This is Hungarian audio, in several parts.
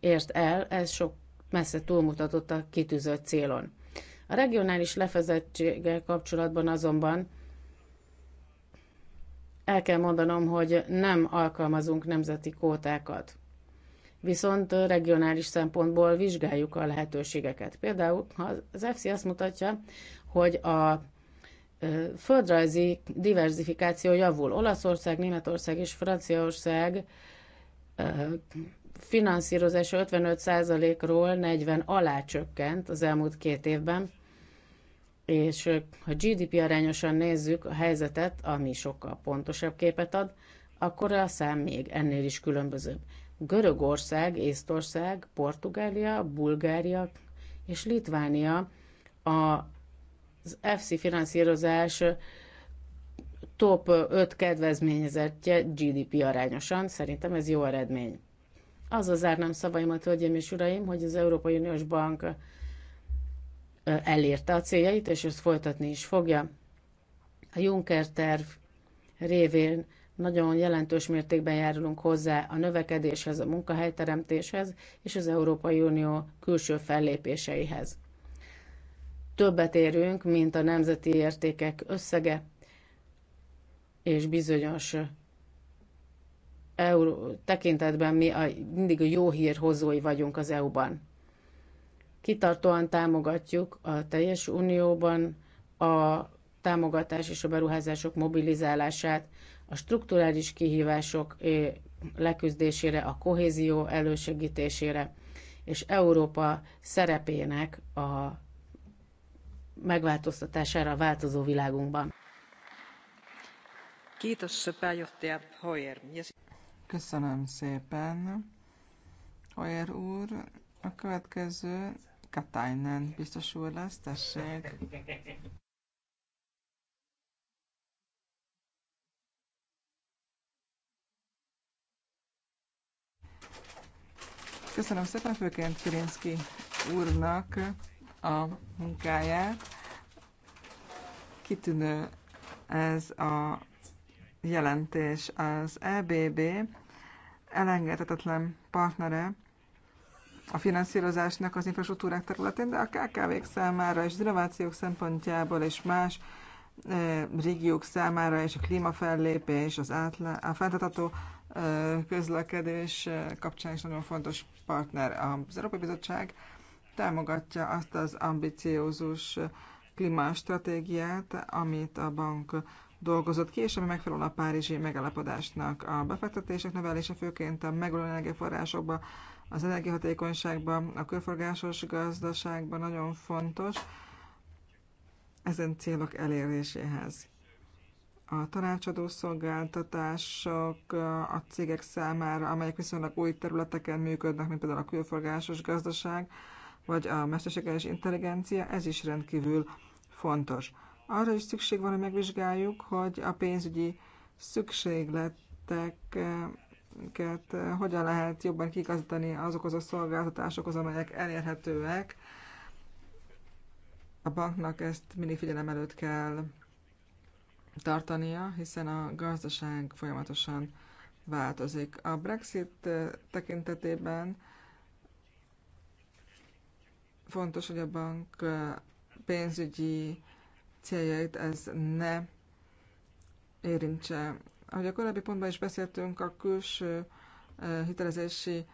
ért el, ez sok messze túlmutatott a kitűzött célon. A regionális lefezettséggel kapcsolatban azonban el kell mondanom, hogy nem alkalmazunk nemzeti kótákat. Viszont regionális szempontból vizsgáljuk a lehetőségeket. Például ha az FC azt mutatja, hogy a földrajzi diversifikáció javul. Olaszország, Németország és Franciaország finanszírozása 55%-ról 40 alá csökkent az elmúlt két évben, és ha GDP arányosan nézzük a helyzetet, ami sokkal pontosabb képet ad, akkor a szám még ennél is különbözőbb. Görögország, Észtország, Portugália, Bulgária és Litvánia az EFSI finanszírozás top 5 kedvezményezettje GDP arányosan. Szerintem ez jó eredmény. Azzal zárnám szavaimat, hölgyeim és uraim, hogy az Európai Uniós Bank elérte a céljait, és ezt folytatni is fogja. A Juncker terv révén nagyon jelentős mértékben járulunk hozzá a növekedéshez, a munkahelyteremtéshez és az Európai Unió külső fellépéseihez. Többet érünk, mint a nemzeti értékek összege, és bizonyos EU tekintetben mi a, mindig a jó hír hozói vagyunk az EU-ban. Kitartóan támogatjuk a teljes unióban a támogatás és a beruházások mobilizálását, a strukturális kihívások leküzdésére, a kohézió elősegítésére és Európa szerepének a megváltoztatására a változó világunkban. Kiitos, pääjohtaja Köszönöm szépen. Hoyer úr, a következő Katainen biztos úr lesz, tessék. Köszönöm szépen főként Kirinszki úrnak a munkáját. Kitűnő ez a jelentés. Az EBB elengedhetetlen partnere a finanszírozásnak az infrastruktúrák területén, de a KKV-k számára és az innovációk szempontjából és más e, régiók számára és a klímafellépés, az átlá, a feltartató e, eh, közlekedés eh, kapcsán is nagyon fontos partner. Az Európai Bizottság támogatja azt az ambiciózus klímastratégiát, amit a bank dolgozott ki, és ami megfelel a párizsi megállapodásnak. A befektetések növelése főként a megújuló energiaforrásokba, az energiahatékonyságba, a körforgásos gazdaságban nagyon fontos ezen célok eléréséhez. A tanácsadó szolgáltatások a cégek számára, amelyek viszonylag új területeken működnek, mint például a külforgásos gazdaság, vagy a mesterséges intelligencia, ez is rendkívül fontos. Arra is szükség van, hogy megvizsgáljuk, hogy a pénzügyi szükségleteket eh, hogyan lehet jobban kigazítani azokhoz a szolgáltatásokhoz, amelyek elérhetőek. A banknak ezt mindig figyelem előtt kell tartania, hiszen a gazdaság folyamatosan változik. A Brexit eh, tekintetében fontos, hogy a bank eh, pénzügyi céljait ez ne érintse. Ahogy a korábbi pontban is beszéltünk, a külső hitelezési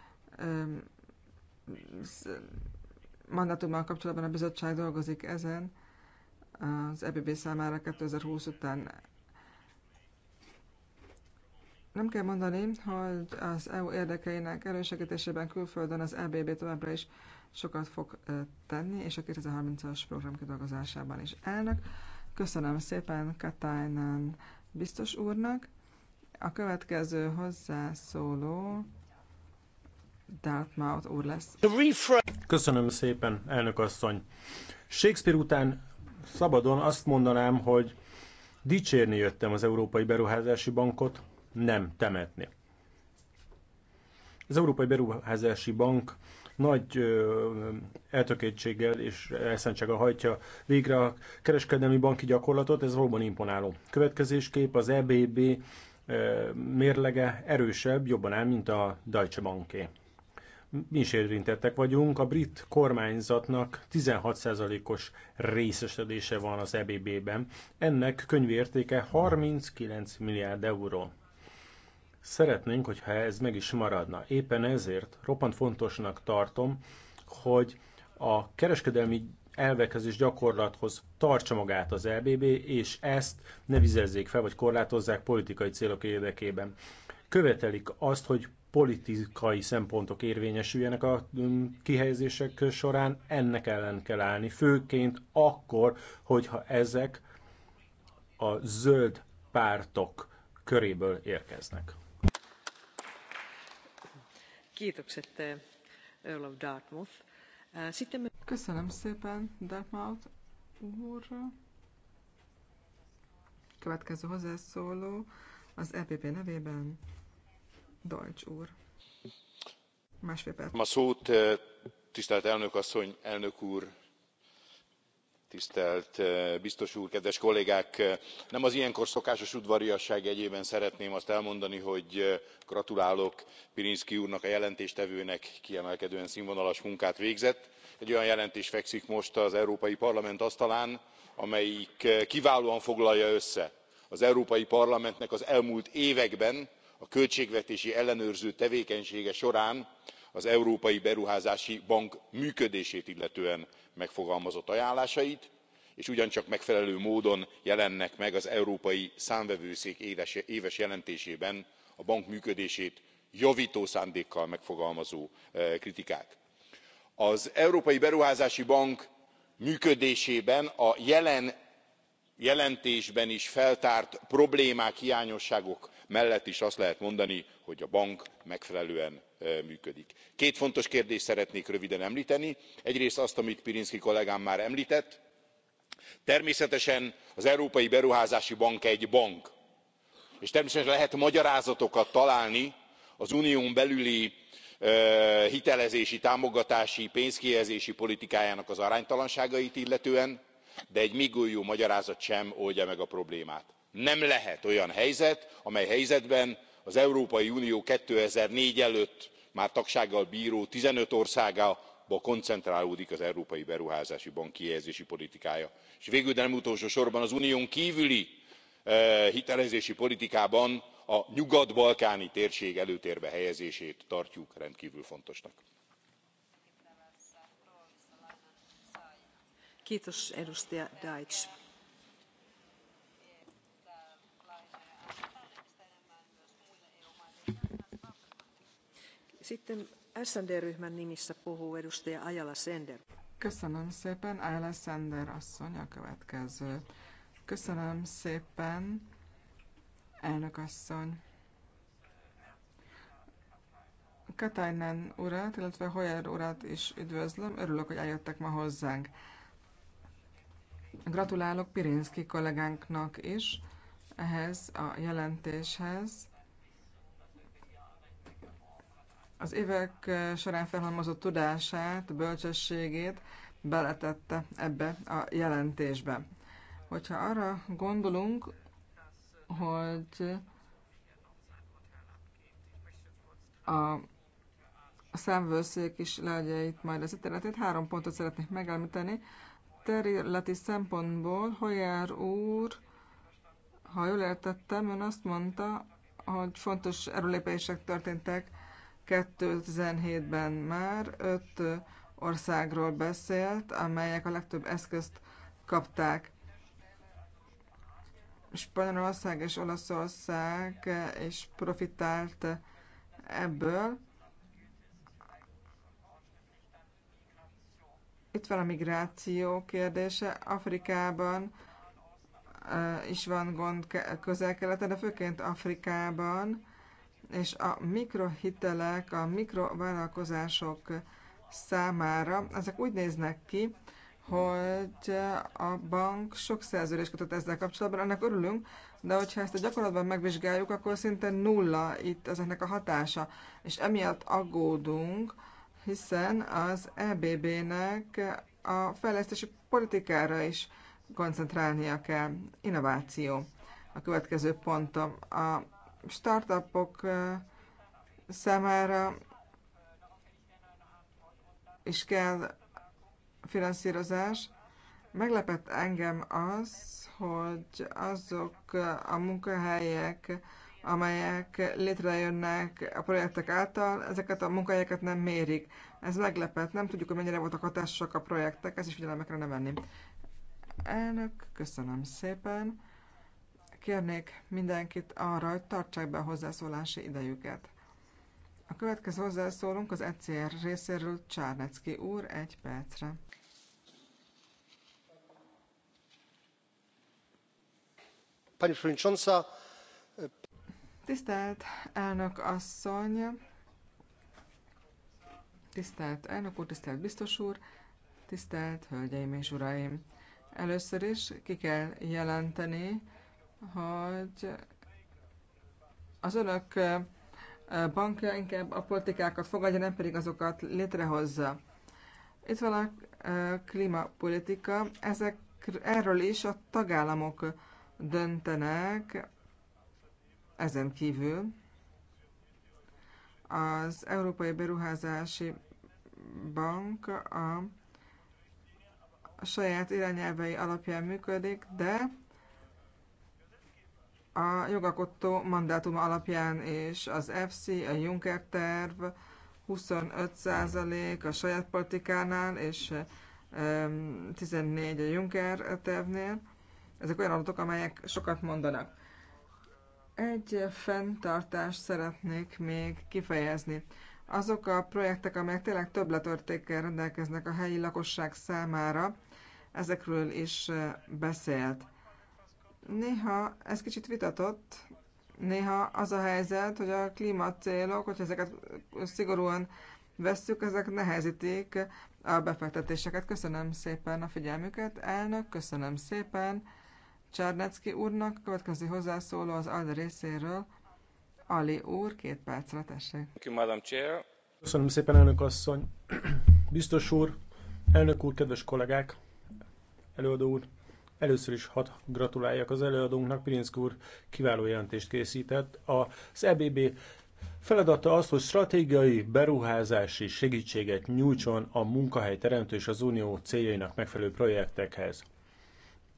mandátummal kapcsolatban a bizottság dolgozik ezen az EBB számára 2020 után. Nem kell mondani, hogy az EU érdekeinek elősegítésében külföldön az EBB továbbra is sokat fog tenni, és a 2030-as program kidolgozásában is elnök. Köszönöm szépen Katájnán biztos úrnak. A következő hozzászóló Dartmouth úr lesz. Köszönöm szépen, elnök asszony. Shakespeare után szabadon azt mondanám, hogy dicsérni jöttem az Európai Beruházási Bankot, nem temetni. Az Európai Beruházási Bank nagy eltökétséggel és a hajtja végre a kereskedelmi banki gyakorlatot, ez valóban imponáló. kép az EBB mérlege erősebb, jobban áll, mint a Deutsche Banké. Mi is érintettek vagyunk, a brit kormányzatnak 16%-os részesedése van az EBB-ben, ennek könyvértéke 39 milliárd euró. Szeretnénk, hogyha ez meg is maradna. Éppen ezért roppant fontosnak tartom, hogy a kereskedelmi elvekhez és gyakorlathoz tartsa magát az LBB, és ezt ne vizezzék fel, vagy korlátozzák politikai célok érdekében. Követelik azt, hogy politikai szempontok érvényesüljenek a mm, kihelyezések során, ennek ellen kell állni, főként akkor, hogyha ezek a zöld pártok köréből érkeznek. Eh, eh, Köszönöm szépen, Dartmouth úr. Következő hozzászóló az EPP nevében Deutsch úr. Másfél perc. Ma szót, eh, tisztelt elnök asszony, elnök úr, tisztelt biztos úr kedves kollégák! nem az ilyenkor szokásos udvariasság jegyében szeretném azt elmondani hogy gratulálok pirinski úrnak a jelentéstevőnek kiemelkedően sznvonalas munkát végzett. egy olyan jelentés fekszik most az európai parlament asztalán amelyik kiválóan foglalja össze az európai parlamentnek az elmúlt években a költségvetési ellenőrző tevékenysége során az európai beruházási bank működését illetően megfogalmazott ajánlásait és ugyancsak megfelelő módon jelennek meg az európai számvevőszék éves jelentésében a bank működését javtó szándékkal megfogalmazó e, kritikák. az európai beruházási bank működésében a jelen jelentésben is feltárt problémák hiányosságok mellett is azt lehet mondani hogy a bank megfelelően működik. két fontos kérdést szeretnék röviden emlteni egyrészt azt amit pirinski kollégám már emltett természetesen az európai beruházási bank egy bank és természetesen lehet magyarázatokat találni az unión belüli hitelezési támogatási pénzkihelyezési politikájának az aránytalanságait illetően de egy mégolygó magyarázat sem oldja meg a problémát. nem lehet olyan helyzet amely helyzetben az európai unió two thousand and four előtt már tagsággal bró fifteen országába koncentrálódik az európai beruházási bank kihelyezési politikája és végül de nem utolsó sorban az unión kvüli e, hitelezési politikában a nyugat balkáni térség előtérbe helyezését tartjuk rendkvül fontosnak. Köszönöm szépen, Ayla Sender asszony a következő. Köszönöm szépen, elnök asszony. Katainen urat, illetve Hoyer urat is üdvözlöm. Örülök, hogy eljöttek ma hozzánk. Gratulálok Pirinski kollégánknak is ehhez a jelentéshez. Az évek eh, során felhalmozott tudását, bölcsességét beletette ebbe a jelentésbe. Hogyha arra gondolunk, hogy a a számvőszék is leadja itt majd az területét Három pontot szeretnék megelmíteni. Területi szempontból Hoyer úr, ha jól értettem, ön azt mondta, hogy fontos erőlépések történtek 2017-ben már öt országról beszélt, amelyek a legtöbb eszközt kapták. Spanyolország és Olaszország is profitált ebből. Itt van a migráció kérdése. Afrikában eh, is van gond közel-keleten, de főként Afrikában és a mikrohitelek, a mikrovállalkozások számára, ezek úgy néznek ki, hogy a bank sok szerződést kötött ezzel kapcsolatban, ennek örülünk, de hogyha ezt a gyakorlatban megvizsgáljuk, akkor szinte nulla itt ezeknek a hatása, és emiatt aggódunk, hiszen az EBB-nek a fejlesztési politikára is koncentrálnia kell. Innováció a következő pontom. A startupok számára is kell finanszírozás. Meglepett engem az, hogy azok a munkahelyek, amelyek létrejönnek a projektek által, ezeket a munkahelyeket nem mérik. Ez meglepett, nem tudjuk, hogy mennyire voltak hatásosak a projektek, Ez is figyelemekre nem venni. Elnök, köszönöm szépen. Kérnék mindenkit arra, hogy tartsák be a hozzászólási idejüket. A következő hozzászólunk az ECR részéről Csárnecki úr egy percre. Tisztelt elnök asszony! Tisztelt elnök úr, tisztelt biztos úr, tisztelt hölgyeim és uraim! Először is ki kell jelenteni, hogy az önök bankja inkább a politikákat fogadja, nem pedig azokat létrehozza. Itt van a klímapolitika, ezek erről is a tagállamok döntenek, ezen kívül az Európai Beruházási Bank a saját irányelvei alapján működik, de a jogalkotó mandátuma alapján és az FC, a Juncker terv 25% a saját politikánál, és 14 a Juncker tervnél. Ezek olyan adatok, amelyek sokat mondanak. Egy fenntartást szeretnék még kifejezni. Azok a projektek, amelyek tényleg többletörtékkel rendelkeznek a helyi lakosság számára, ezekről is eh, beszélt Néha ez kicsit vitatott, néha az a helyzet, hogy a klímacélok, hogyha ezeket szigorúan vesszük, ezek nehezítik a befektetéseket. Köszönöm szépen a figyelmüket, elnök, köszönöm szépen Csárnecki úrnak, következő hozzászóló az ALDE részéről, Ali úr, két percre tessék. Köszönöm szépen, elnök asszony. Biztos úr, elnök úr, kedves kollégák, előadó úr. Először is hat gratuláljak az előadónknak, Pirinszk úr kiváló jelentést készített. Az EBB Feladata az, hogy stratégiai beruházási segítséget nyújtson a munkahely teremtő és az unió céljainak megfelelő projektekhez.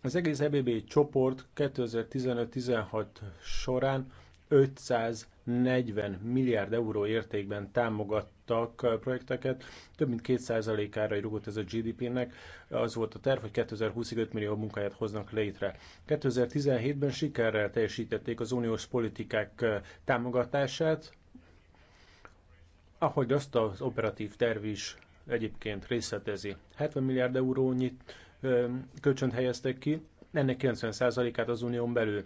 Az egész EBB csoport 2015-16 során 540 milliárd euró értékben támogat támogattak projekteket, több mint 2%-ára rúgott ez a GDP-nek. Az volt a terv, hogy 2025 5 millió munkáját hoznak létre. 2017-ben sikerrel teljesítették az uniós politikák támogatását, ahogy azt az operatív terv is egyébként részletezi. 70 milliárd eurónyit kölcsönt helyeztek ki, ennek 90%-át az unión belül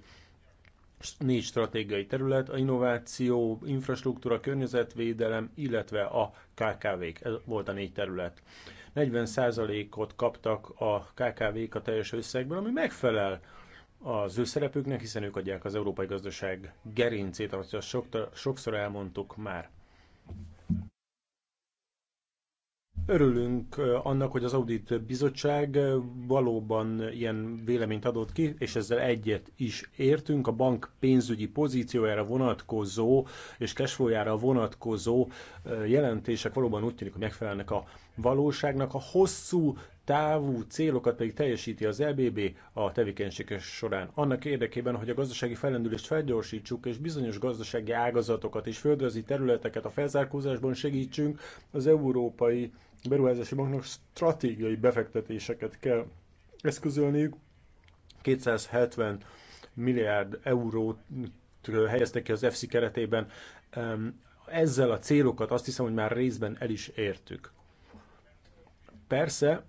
négy stratégiai terület, a innováció, infrastruktúra, környezetvédelem, illetve a KKV-k. Ez volt a négy terület. 40%-ot kaptak a KKV-k a teljes összegből, ami megfelel az ő szerepüknek, hiszen ők adják az európai gazdaság gerincét, ahogy azt sokszor elmondtuk már. Örülünk annak, hogy az Audit Bizottság valóban ilyen véleményt adott ki, és ezzel egyet is értünk. A bank pénzügyi pozíciójára vonatkozó és cashflowjára vonatkozó jelentések valóban úgy tűnik, hogy megfelelnek a valóságnak. A hosszú távú célokat pedig teljesíti az EBB a tevékenységes során. Annak érdekében, hogy a gazdasági felendülést felgyorsítsuk, és bizonyos gazdasági ágazatokat és földrajzi területeket a felzárkózásban segítsünk, az európai beruházási banknak stratégiai befektetéseket kell eszközölniük. 270 milliárd eurót helyeztek ki az EFSI keretében. Ezzel a célokat azt hiszem, hogy már részben el is értük. Persze,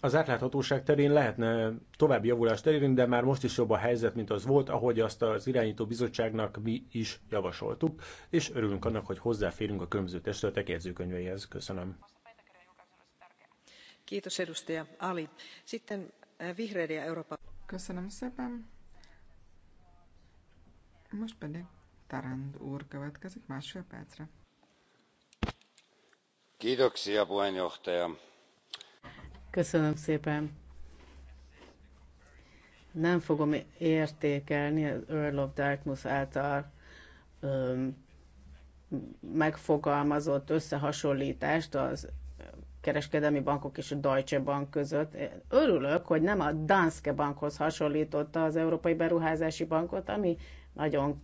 az átláthatóság terén lehetne további javulást elérni, de már most is jobb a helyzet, mint az volt, ahogy azt az irányító bizottságnak mi is javasoltuk, és örülünk annak, hogy hozzáférünk a különböző testületek jegyzőkönyveihez. Köszönöm. Eh, Köszönöm szépen. Most pedig Tarand úr másfél percre. Köszönöm szépen. Nem fogom értékelni az Earl of Darkness által megfogalmazott összehasonlítást az kereskedelmi bankok és a Deutsche Bank között. Örülök, hogy nem a Danske Bankhoz hasonlította az Európai Beruházási Bankot, ami nagyon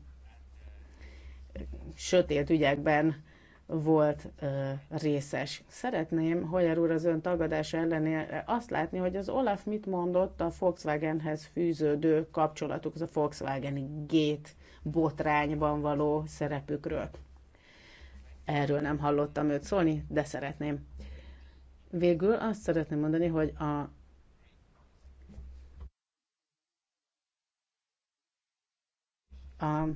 sötét ügyekben volt ö, részes. Szeretném, Hoyer úr, az ön tagadása ellenére azt látni, hogy az Olaf mit mondott a Volkswagenhez fűződő kapcsolatuk, az a Volkswagen Gate botrányban való szerepükről. Erről nem hallottam őt szólni, de szeretném. Végül azt szeretném mondani, hogy a a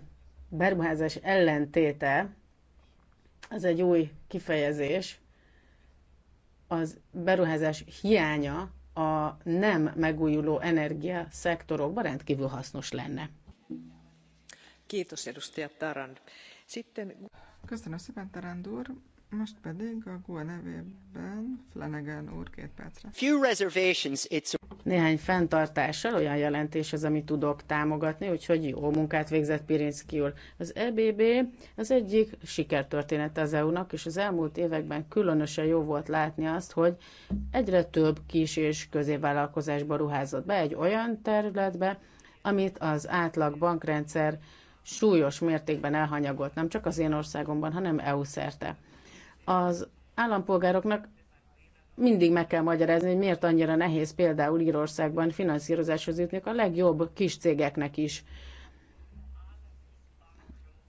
beruházás ellentéte, az egy új kifejezés, az beruházás hiánya a nem megújuló energia szektorokban rendkívül hasznos lenne. Köszönöm szépen, Tarand úr. Most pedig a GUA nevében Flanagan úr két percre. Few reservations, it's... Néhány fenntartással olyan jelentés az, amit tudok támogatni, úgyhogy jó munkát végzett Pirinszki úr. Az EBB az egyik sikertörténet az EU-nak, és az elmúlt években különösen jó volt látni azt, hogy egyre több kis és középvállalkozásba ruházott be egy olyan területbe, amit az átlag bankrendszer súlyos mértékben elhanyagolt, nem csak az én országomban, hanem EU szerte az állampolgároknak mindig meg kell magyarázni, hogy miért annyira nehéz például Írországban finanszírozáshoz jutni a legjobb kis cégeknek is.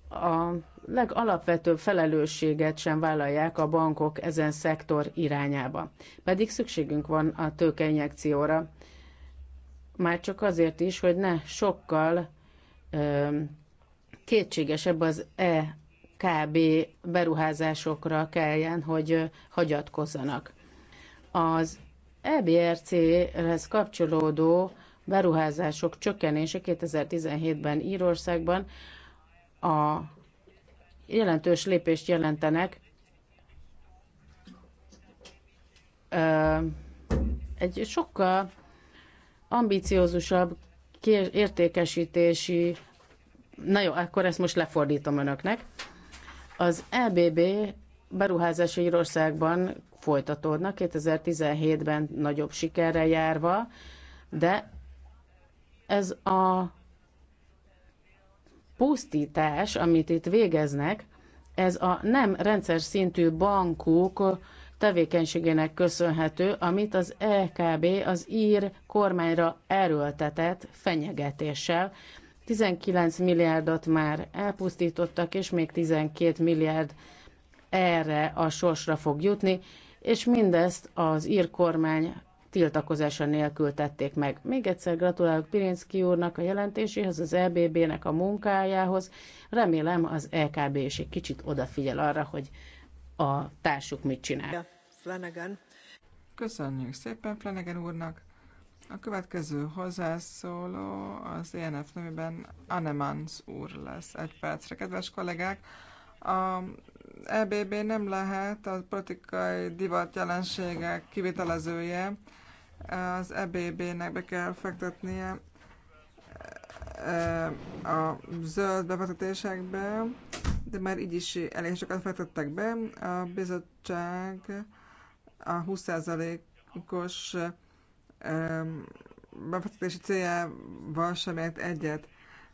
A legalapvetőbb felelősséget sem vállalják a bankok ezen szektor irányába. Pedig szükségünk van a tőkeinjekcióra, már csak azért is, hogy ne sokkal ö, kétségesebb az e KB beruházásokra kelljen, hogy hagyatkozzanak. Az EBRC-hez kapcsolódó beruházások csökkenése 2017-ben Írországban a jelentős lépést jelentenek egy sokkal ambiciózusabb értékesítési, na jó, akkor ezt most lefordítom önöknek. Az EBB beruházás Írországban folytatódnak, 2017-ben nagyobb sikerre járva, de ez a pusztítás, amit itt végeznek, ez a nem rendszer szintű bankok tevékenységének köszönhető, amit az EKB az ír kormányra erőltetett fenyegetéssel, 19 milliárdot már elpusztítottak, és még 12 milliárd erre a sorsra fog jutni, és mindezt az ír kormány tiltakozása nélkül tették meg. Még egyszer gratulálok Pirinszki úrnak a jelentéséhez, az EBB-nek a munkájához. Remélem az LKB e is egy kicsit odafigyel arra, hogy a társuk mit csinál. Flanagan. Köszönjük szépen Flanagan úrnak. A következő hozzászóló az ENF nevében Anemans úr lesz. Egy percre, kedves kollégák! A EBB nem lehet a politikai divat jelenségek kivitelezője. Az EBB-nek be kell fektetnie e, a zöld befektetésekbe, de már így is elég sokat fektettek be. A bizottság a 20%-os befektetési céljával sem ért egyet.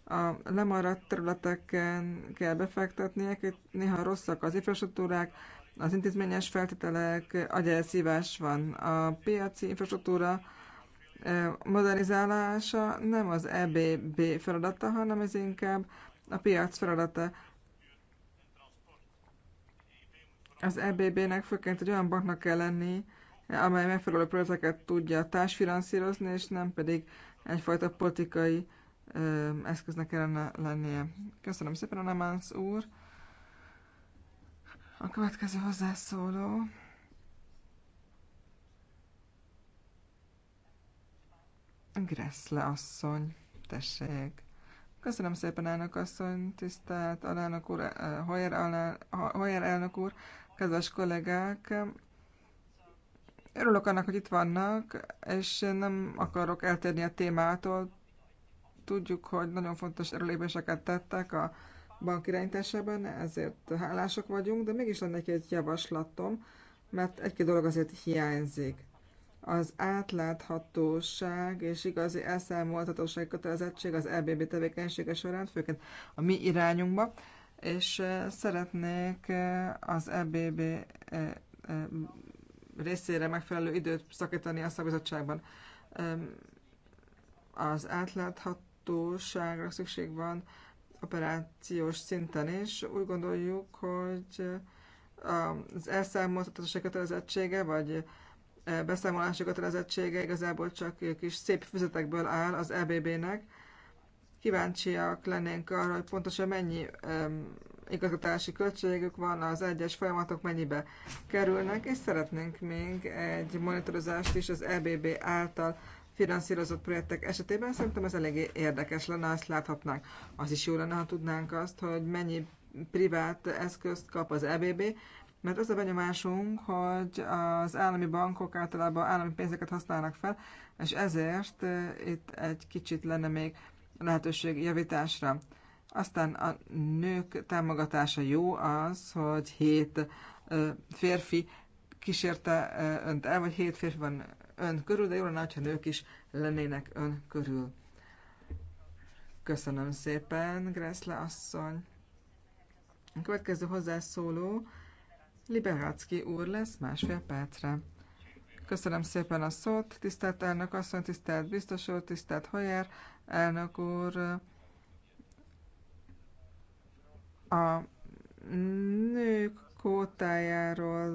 A lemaradt területeken kell befektetni, itt néha rosszak az infrastruktúrák, az intézményes feltételek, agyelszívás van. A piaci infrastruktúra modernizálása nem az EBB feladata, hanem ez inkább a piac feladata. Az EBB-nek főként egy olyan banknak kell lenni, amely megfelelő projekteket tudja társfinanszírozni, és nem pedig egyfajta politikai ö, eszköznek kellene lennie. Köszönöm szépen, Anemánsz úr! A következő hozzászóló. Gressle asszony, tessék. Köszönöm szépen, elnök asszony, tisztelt alelnök úr, eh, Hoyer, alel, Hoyer elnök úr, kedves kollégák. Örülök annak, hogy itt vannak, és nem akarok eltérni a témától. Tudjuk, hogy nagyon fontos erőlépéseket tettek a bank irányításában, ezért hálások vagyunk, de mégis lenne egy javaslatom, mert egy-két dolog azért hiányzik. Az átláthatóság és igazi elszámoltatóság kötelezettség az EBB tevékenysége során, főként a mi irányunkba, és eh, szeretnék eh, az EBB részére megfelelő időt szakítani a szakbizottságban. Az átláthatóságra szükség van operációs szinten is. Úgy gondoljuk, hogy az elszámoltatási kötelezettsége, vagy beszámolási kötelezettsége igazából csak kis szép füzetekből áll az EBB-nek. Kíváncsiak lennénk arra, hogy pontosan mennyi igazgatási költségük van, az egyes folyamatok mennyibe kerülnek, és szeretnénk még egy monitorozást is az EBB által finanszírozott projektek esetében. Szerintem ez eléggé érdekes lenne, azt láthatnánk. Az is jó lenne, ha tudnánk azt, hogy mennyi privát eszközt kap az EBB, mert az a benyomásunk, hogy az állami bankok általában állami pénzeket használnak fel, és ezért eh, itt egy kicsit lenne még lehetőség javításra. Aztán a nők támogatása jó az, hogy hét férfi kísérte önt el, vagy hét férfi van ön körül, de jó lenne, ha nők is lennének ön körül. Köszönöm szépen, Greszle asszony. A következő hozzászóló Liberácki úr lesz másfél percre. Köszönöm szépen a szót, tisztelt elnök asszony, tisztelt biztos úr, tisztelt Hoyer, elnök úr, a nők kótájáról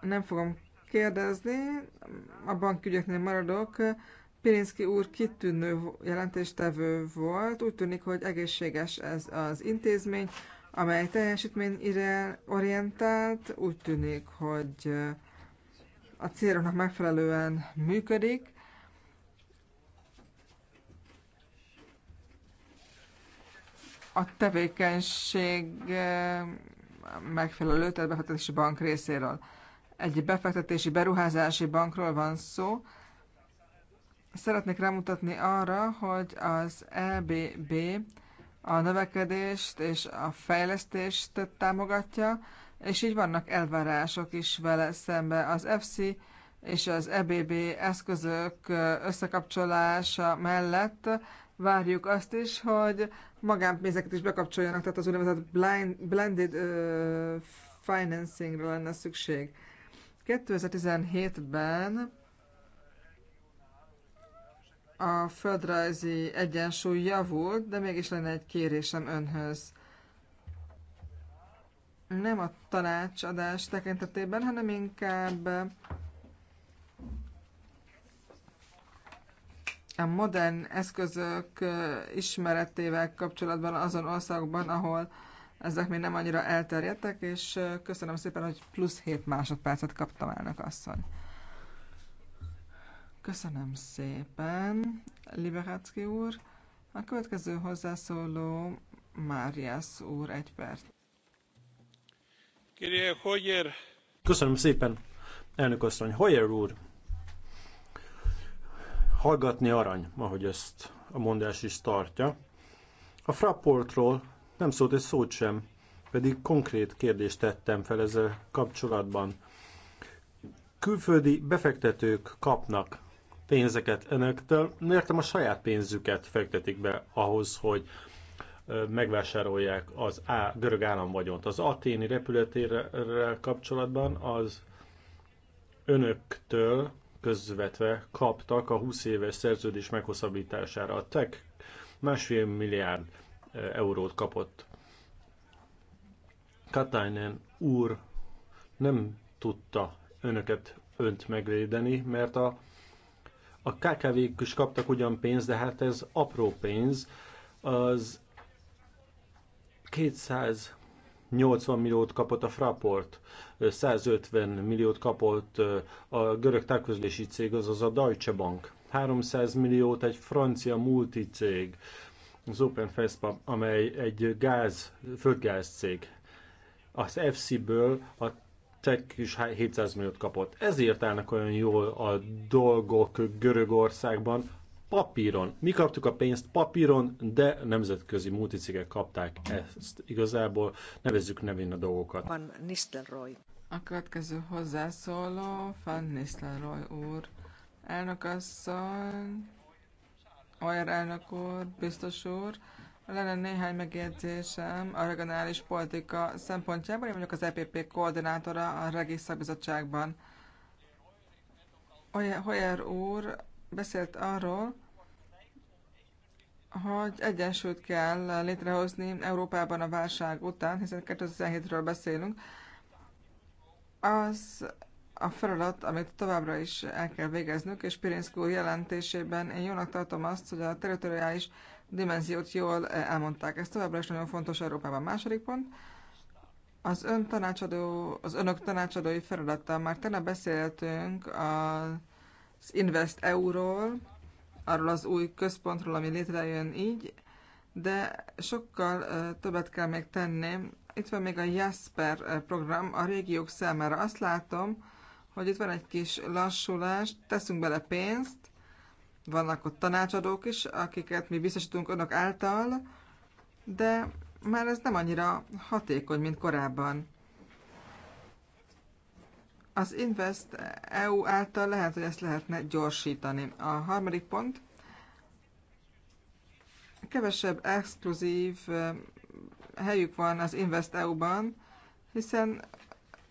uh, nem fogom kérdezni, a bankügyeknél maradok. Pirinszki úr kitűnő jelentéstevő volt, úgy tűnik, hogy egészséges ez az intézmény, amely teljesítményre orientált, úgy tűnik, hogy uh, a céloknak megfelelően működik, a tevékenység eh, megfelelő, tehát befektetési bank részéről. Egy befektetési beruházási bankról van szó. Szeretnék rámutatni arra, hogy az EBB a növekedést és a fejlesztést támogatja, és így vannak elvárások is vele szembe. Az FC és az EBB eszközök eh, összekapcsolása mellett várjuk azt is, hogy magánpénzeket is bekapcsoljanak, tehát az úgynevezett blind, blended uh, financingra lenne szükség. 2017-ben a földrajzi egyensúly javult, de mégis lenne egy kérésem önhöz. Nem a tanácsadás tekintetében, hanem inkább a modern eszközök ismeretével kapcsolatban azon országokban, ahol ezek még nem annyira elterjedtek, és köszönöm szépen, hogy plusz 7 másodpercet kaptam elnök asszony. Köszönöm szépen, Liberácki úr. A következő hozzászóló Máriász úr egy perc. Köszönöm szépen, elnök asszony. Hoyer úr, Hallgatni arany, ahogy ezt a mondás is tartja. A Fraportról nem szólt egy szót sem, pedig konkrét kérdést tettem fel ezzel kapcsolatban. Külföldi befektetők kapnak pénzeket enektől, értem a saját pénzüket fektetik be ahhoz, hogy megvásárolják az á, görög államvagyont. Az aténi repületérrel kapcsolatban az önöktől közvetve kaptak a 20 éves szerződés meghosszabbítására. A tech másfél milliárd e, eurót kapott. Katainen úr nem tudta önöket önt megvédeni, mert a, a KKV-k is kaptak ugyan pénzt, de hát ez apró pénz. Az 200 80 milliót kapott a Fraport, 150 milliót kapott a görög távközlési cég, azaz a Deutsche Bank, 300 milliót egy francia multicég, az Open Fespa, amely egy gáz, földgáz cég. Az FC-ből a Tech is 700 milliót kapott. Ezért állnak olyan jól a dolgok Görögországban, papíron. Mi kaptuk a pénzt papíron, de nemzetközi multicégek kapták ezt. Igazából nevezzük nevén a dolgokat. Van Nistelrooy. A következő hozzászóló Van Nistelrooy úr. Elnök asszony, Olyan elnök úr, biztos úr, lenne néhány megjegyzésem a regionális politika szempontjából. Én vagyok az EPP koordinátora a Regi Hoyer úr beszélt arról, hogy egyensúlyt kell létrehozni Európában a válság után, hiszen 2017-ről beszélünk. Az a feladat, amit továbbra is el kell végeznünk, és Pirinszkó jelentésében én jónak tartom azt, hogy a territoriális dimenziót jól elmondták. Ez továbbra is nagyon fontos Európában. Második pont, az, ön tanácsadó, az önök tanácsadói feladata. Már tényleg beszéltünk a az Invest EU-ról, arról az új központról, ami létrejön így, de sokkal többet kell még tenni. Itt van még a Jasper program a régiók számára. Azt látom, hogy itt van egy kis lassulás, teszünk bele pénzt, vannak ott tanácsadók is, akiket mi biztosítunk önök által, de már ez nem annyira hatékony, mint korábban. Az Invest EU által lehet, hogy ezt lehetne gyorsítani. A harmadik pont, kevesebb exkluzív eh, helyük van az Invest EU-ban, hiszen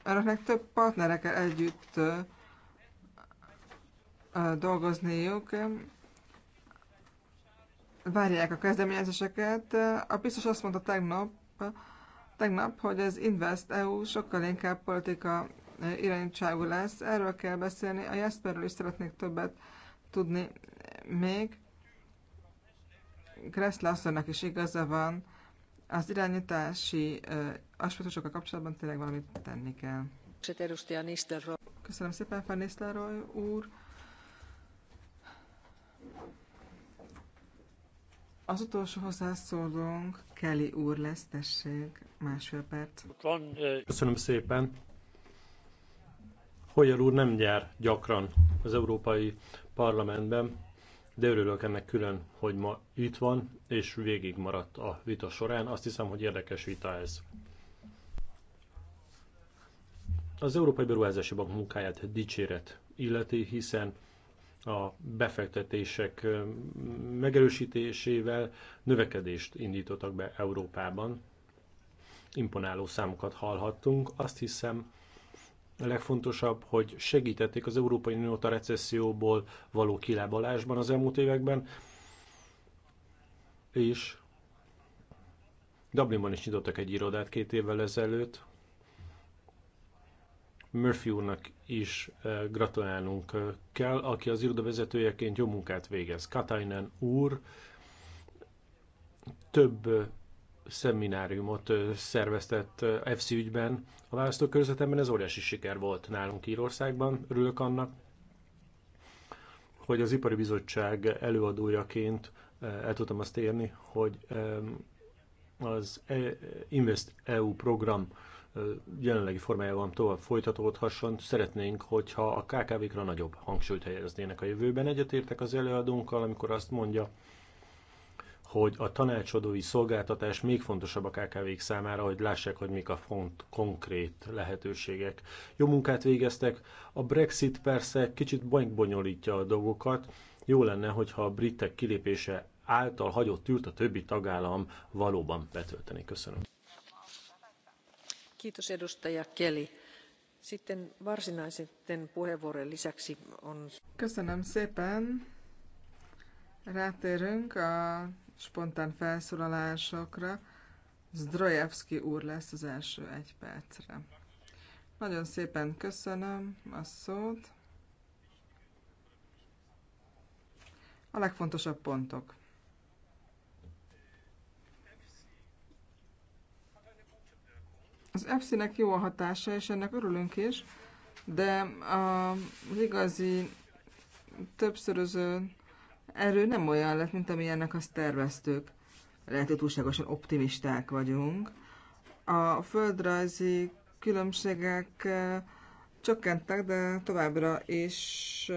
önöknek több partnerekkel együtt eh, eh, dolgozniuk, várják a kezdeményezéseket. A biztos azt mondta tegnap, tegnap, hogy az Invest EU sokkal inkább politika irányságú lesz. Erről kell beszélni. A Jesperről is szeretnék többet tudni még. azt mondja, is igaza van. Az irányítási aspektusokkal kapcsolatban tényleg valamit tenni kell. Köszönöm szépen, Van úr. Az utolsó hozzászólónk Kelly úr lesz, tessék, másfél perc. Köszönöm szépen. Hoyer úr nem gyár gyakran az Európai Parlamentben, de örülök ennek külön, hogy ma itt van, és végig maradt a vita során. Azt hiszem, hogy érdekes vita ez. Az Európai Beruházási Bank munkáját dicséret illeti, hiszen a befektetések megerősítésével növekedést indítottak be Európában. Imponáló számokat hallhattunk. Azt hiszem, legfontosabb, hogy segítették az Európai Uniót a recesszióból való kilábalásban az elmúlt években, és Dublinban is nyitottak egy irodát két évvel ezelőtt. Murphy úrnak is eh, gratulálnunk eh, kell, aki az iroda vezetőjeként jó munkát végez. Katainen úr több eh, szemináriumot szerveztett FC ügyben a választókörzetemben. Ez óriási siker volt nálunk Írországban. Örülök annak, hogy az Ipari Bizottság előadójaként el tudtam azt érni, hogy az e-, Invest EU program jelenlegi formájában tovább folytatódhasson. Szeretnénk, hogyha a KKV-kra nagyobb hangsúlyt helyeznének a jövőben. Egyetértek az előadónkkal, amikor azt mondja, hogy a tanácsadói szolgáltatás még fontosabb a KKV-k számára, hogy lássák, hogy mik a font, konkrét lehetőségek. Jó munkát végeztek, a Brexit persze kicsit bonyolítja a dolgokat, jó lenne, hogyha a britek kilépése által hagyott ült a többi tagállam valóban betölteni. Köszönöm. Kiitos edustaja Kelly. Sitten varsinaisen puheenvuoron lisäksi on... Köszönöm szépen. Rátérünk a spontán felszólalásokra. Zdrojevski úr lesz az első egy percre. Nagyon szépen köszönöm a szót. A legfontosabb pontok. Az EFSZ-nek jó a hatása, és ennek örülünk is, de az igazi többszöröző erő nem olyan lett, mint amilyennek azt terveztük. Lehet, hogy túlságosan optimisták vagyunk. A földrajzi különbségek csökkentek, de továbbra is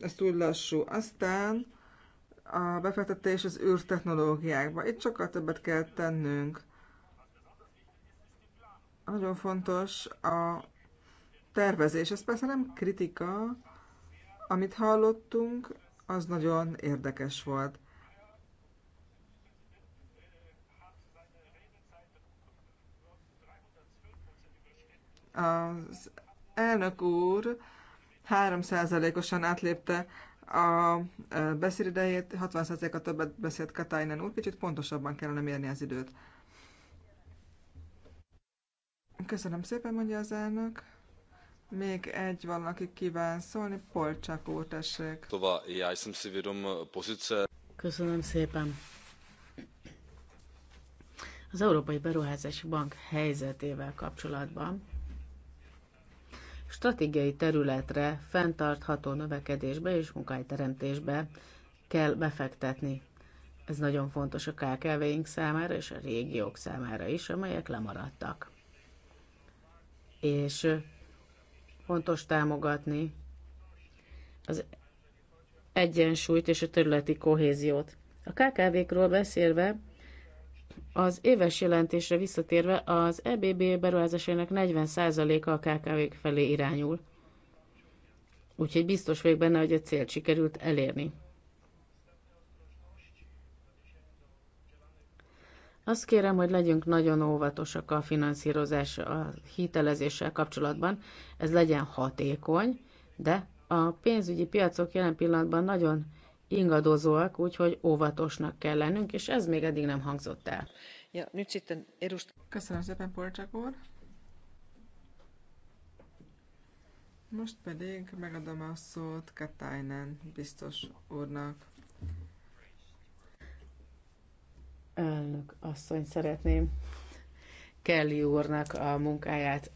ez túl lassú. Aztán a befektetés az űrtechnológiákba. Itt sokkal többet kell tennünk. Nagyon fontos a tervezés. Ez persze nem kritika, amit hallottunk, az nagyon érdekes volt. Az elnök úr 3%-osan átlépte a beszédidejét, 60%-a többet beszélt Katainen úr, kicsit pontosabban kellene mérni az időt. Köszönöm szépen, mondja az elnök. Még egy valaki kíván szólni, Polcsák úr, tessék. Szóval, Köszönöm szépen. Az Európai Beruházási Bank helyzetével kapcsolatban stratégiai területre, fenntartható növekedésbe és munkájteremtésbe kell befektetni. Ez nagyon fontos a kkv számára és a régiók számára is, amelyek lemaradtak. És Fontos támogatni az egyensúlyt és a területi kohéziót. A KKV-król beszélve, az éves jelentésre visszatérve az EBB beruházásainak 40%-a a KKV-k felé irányul. Úgyhogy biztos vagyok benne, hogy a célt sikerült elérni. Azt kérem, hogy legyünk nagyon óvatosak a finanszírozás, a hitelezéssel kapcsolatban. Ez legyen hatékony, de a pénzügyi piacok jelen pillanatban nagyon ingadozóak, úgyhogy óvatosnak kell lennünk, és ez még eddig nem hangzott el. Ja, nincs itt erust... Köszönöm szépen, Polcsak úr. Most pedig megadom a szót Katainen biztos úrnak. asszony szeretném Kelly úrnak a munkáját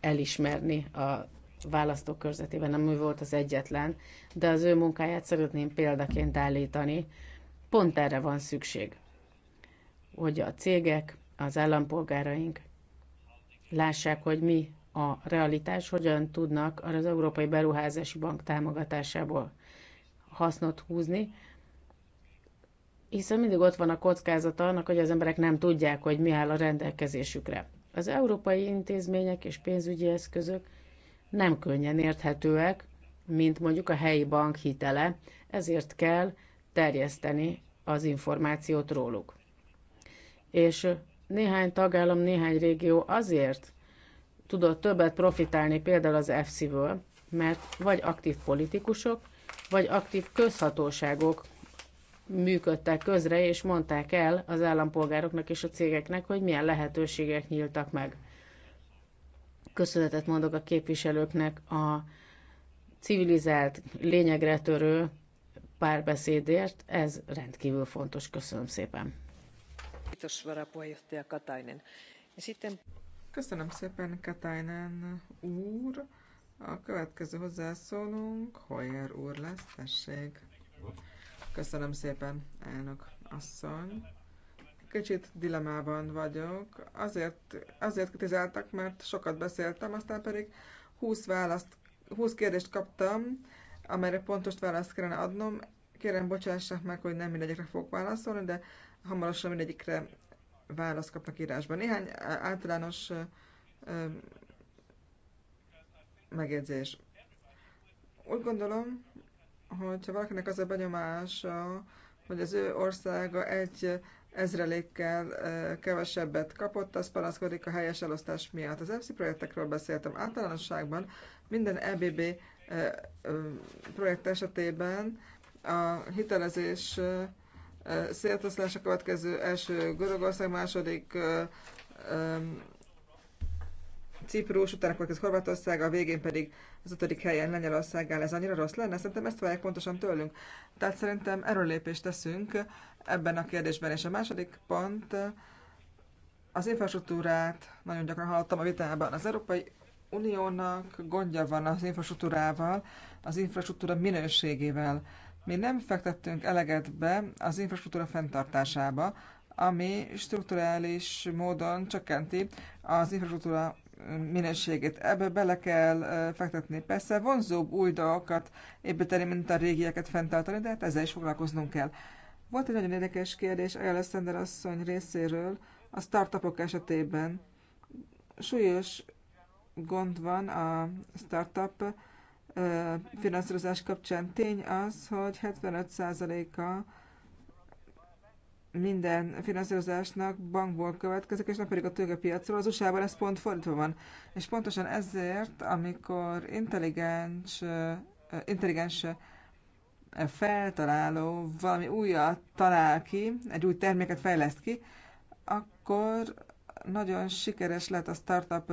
elismerni a választókörzetében, nem volt az egyetlen, de az ő munkáját szeretném példaként állítani. Pont erre van szükség, hogy a cégek, az állampolgáraink lássák, hogy mi a realitás, hogyan tudnak az Európai Beruházási Bank támogatásából hasznot húzni, hiszen mindig ott van a kockázata annak, hogy az emberek nem tudják, hogy mi áll a rendelkezésükre. Az európai intézmények és pénzügyi eszközök nem könnyen érthetőek, mint mondjuk a helyi bank hitele, ezért kell terjeszteni az információt róluk. És néhány tagállam, néhány régió azért tudott többet profitálni például az EFSI-ből, mert vagy aktív politikusok, vagy aktív közhatóságok működtek közre, és mondták el az állampolgároknak és a cégeknek, hogy milyen lehetőségek nyíltak meg. Köszönetet mondok a képviselőknek a civilizált, lényegre törő párbeszédért. Ez rendkívül fontos. Köszönöm szépen. Köszönöm szépen, Katainen úr. A következő hozzászólunk Hoyer úr lesz, tessék. Köszönöm szépen, elnök asszony. Kicsit dilemában vagyok. Azért, azért kritizáltak, mert sokat beszéltem, aztán pedig 20, választ, 20 kérdést kaptam, amelyre pontos választ kellene adnom. Kérem, bocsássák meg, hogy nem mindegyikre fogok válaszolni, de hamarosan mindegyikre választ kapnak írásban. Néhány általános megjegyzés. Úgy gondolom, hogyha valakinek az a benyomása, hogy az ő országa egy ezrelékkel kevesebbet kapott, az panaszkodik a helyes elosztás miatt. Az EFSI projektekről beszéltem általánosságban, minden EBB projekt esetében a hitelezés szétoszlás a következő első Görögország, második Ciprus, utána következik Horvátország, a végén pedig az ötödik helyen Lengyelországgal. Ez annyira rossz lenne? Szerintem ezt várják pontosan tőlünk. Tehát szerintem erről lépést teszünk ebben a kérdésben. És a második pont, az infrastruktúrát nagyon gyakran hallottam a vitában. Az Európai Uniónak gondja van az infrastruktúrával, az infrastruktúra minőségével. Mi nem fektettünk eleget be az infrastruktúra fenntartásába, ami strukturális módon csökkenti az infrastruktúra minőségét. Ebbe bele kell fektetni. Persze vonzóbb új dolgokat építeni, mint a régieket fenntartani, de hát ezzel is foglalkoznunk kell. Volt egy nagyon érdekes kérdés a Sender asszony részéről a startupok esetében. Súlyos gond van a startup finanszírozás kapcsán. Tény az, hogy 75%-a minden finanszírozásnak bankból következik, és nem pedig a tőkepiacról. Az USA-ban ez pont fordítva van. És pontosan ezért, amikor intelligens, intelligens feltaláló valami újat talál ki, egy új terméket fejleszt ki, akkor nagyon sikeres lett a startup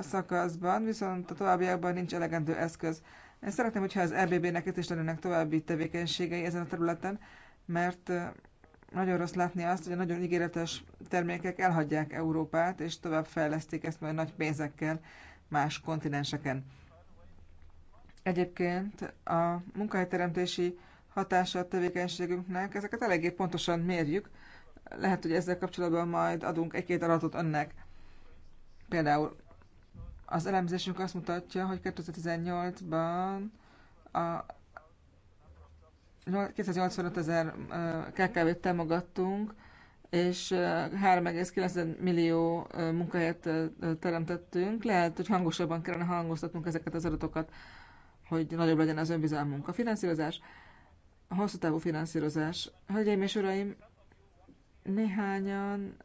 szakaszban, viszont a továbbiakban nincs elegendő eszköz. Én szeretném, hogyha az EBB-nek is lennének további tevékenységei ezen a területen, mert nagyon rossz látni azt, hogy a nagyon ígéretes termékek elhagyják Európát, és tovább fejleszték ezt majd nagy pénzekkel más kontinenseken. Egyébként a munkahelyteremtési hatása a tevékenységünknek, ezeket eléggé pontosan mérjük. Lehet, hogy ezzel kapcsolatban majd adunk egy-két adatot önnek. Például az elemzésünk azt mutatja, hogy 2018-ban a 285 ezer KKV-t támogattunk, és 3,9 millió munkahelyet teremtettünk. Lehet, hogy hangosabban kellene hangoztatnunk ezeket az adatokat, hogy nagyobb legyen az önbizalmunk. A finanszírozás, a hosszú távú finanszírozás. Hölgyeim és uraim, néhányan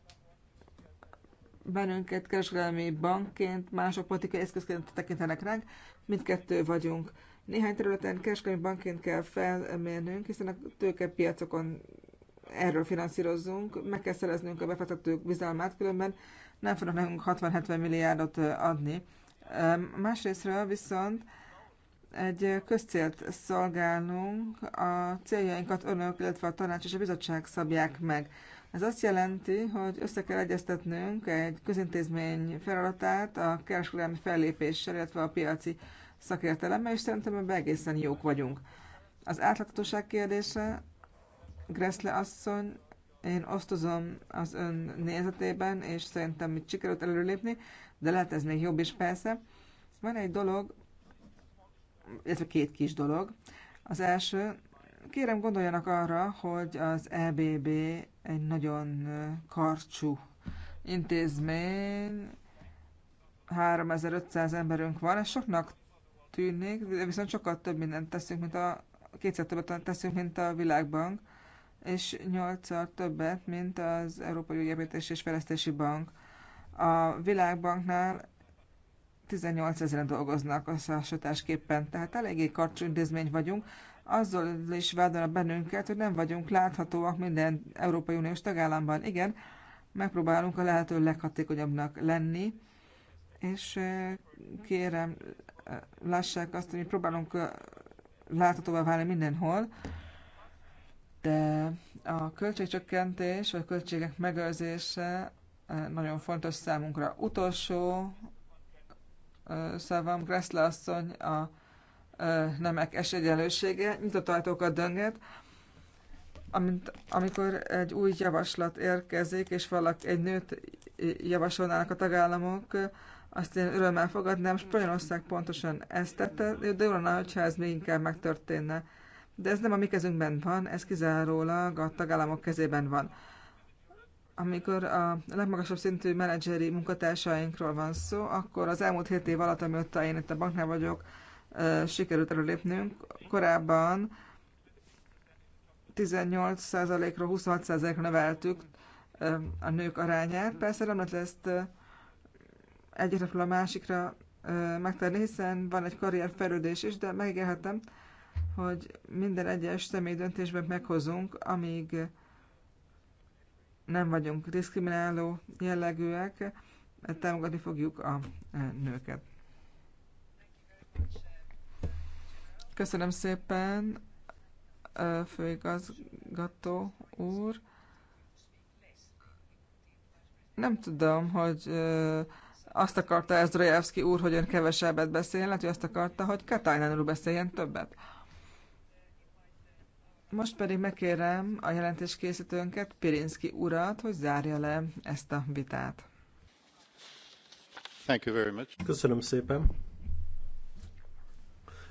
bennünket kereskedelmi bankként, mások politikai eszközként tekintenek ránk, mindkettő vagyunk. Néhány területen kereskedelmi bankként kell felmérnünk, hiszen a tőkepiacokon erről finanszírozzunk, meg kell szereznünk a befektetők bizalmát, különben nem fognak nekünk 60-70 milliárdot adni. Másrésztről viszont egy közcélt szolgálunk, a céljainkat önök, illetve a tanács és a bizottság szabják meg. Ez azt jelenti, hogy össze kell egyeztetnünk egy közintézmény feladatát a kereskedelmi fellépéssel, illetve a piaci szakértelemmel, és szerintem ebben egészen jók vagyunk. Az átláthatóság kérdése, Gressle asszony, én osztozom az ön nézetében, és szerintem itt sikerült előlépni, de lehet ez még jobb is persze. Van egy dolog, illetve két kis dolog. Az első, kérem gondoljanak arra, hogy az EBB egy nagyon karcsú intézmény, 3500 emberünk van, ez soknak tűnik, de viszont sokkal több mindent teszünk, mint a kétszer többet teszünk, mint a Világbank, és nyolcszor többet, mint az Európai Ügyépítés és Fejlesztési Bank. A Világbanknál 18 ezeren dolgoznak összehasonlításképpen, tehát eléggé karcsú intézmény vagyunk, azzal is a bennünket, hogy nem vagyunk láthatóak minden Európai Uniós tagállamban. Igen, megpróbálunk a lehető leghatékonyabbnak lenni, és kérem, lássák azt, hogy mi próbálunk láthatóvá válni mindenhol, de a költségcsökkentés, vagy a költségek megőrzése nagyon fontos számunkra. Utolsó szavam, Gressler asszony, a nemek esélyegyenlősége, nyitott ajtókat dönget, amint, amikor egy új javaslat érkezik, és valaki egy nőt javasolnának a tagállamok, azt én örömmel fogadnám. Spanyolország pontosan ezt tette, de jó lenne, hogyha ez még inkább megtörténne. De ez nem a mi kezünkben van, ez kizárólag a tagállamok kezében van. Amikor a legmagasabb szintű menedzseri munkatársainkról van szó, akkor az elmúlt hét év alatt, amióta én itt a banknál vagyok, sikerült előlépnünk. Korábban 18%-ról 26%-ra növeltük a nők arányát. Persze nem lehet ezt egyre a másikra megtenni, hiszen van egy karrierfejlődés is, de megélhetem, hogy minden egyes személy döntésben meghozunk, amíg nem vagyunk diszkrimináló jellegűek, támogatni fogjuk a e, nőket. Köszönöm szépen, főigazgató úr. Nem tudom, hogy azt akarta Ezdrojevski úr, hogy ön kevesebbet beszéljen, lehet, hogy azt akarta, hogy Katajnán úr beszéljen többet. Most pedig megkérem a jelentéskészítőnket, Pirinski urat, hogy zárja le ezt a vitát. Thank you very much. Köszönöm szépen.